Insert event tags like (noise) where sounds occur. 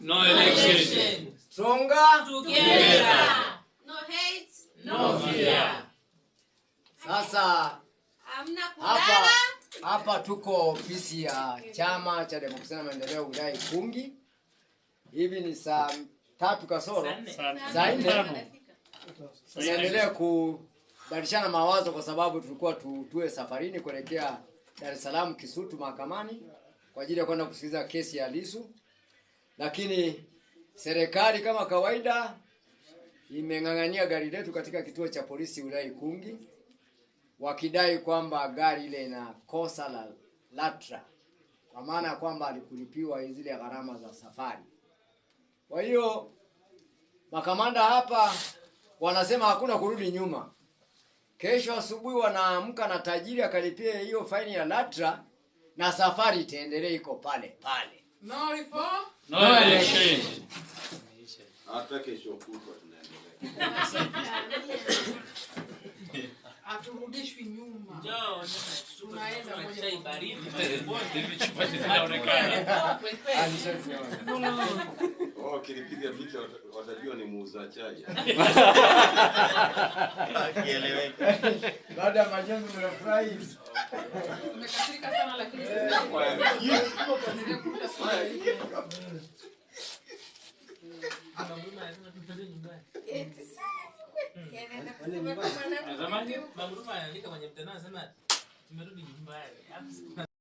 No, election. Stronger together. No hate, no fear. Sasa kulala. hapa tuko ofisi ya Chama cha Demokrasia na Maendeleo wilaya Ikungi. Hivi ni saa tatu kasoro saa nne kubadilishana mawazo kwa sababu tulikuwa tu, tuwe safarini kuelekea Dar es Salaam Kisutu mahakamani kwa ajili ya kwenda kusikiliza kesi ya lisu lakini serikali kama kawaida imeng'ang'ania gari letu katika kituo cha polisi wilaya Ikungi, wakidai kwamba gari ile ina kosa la LATRA, kwa maana ya kwamba alikulipiwa zile gharama za safari. Kwa hiyo makamanda hapa wanasema hakuna kurudi nyuma. Kesho asubuhi wanaamka na tajiri akalipia hiyo faini ya LATRA na safari itaendelea iko pale pale. No reform, no election. Hata (laughs) nyuma. tunaenda kwenye baridi, bonde (laughs) oh, kilipiga picha watajua ni muuza chai. Baada ya majengo mnafurahi. Tumekasirika sana lakini Zamani Mangruma aliandika kwenye mtandao sana tumerudi nyumbani.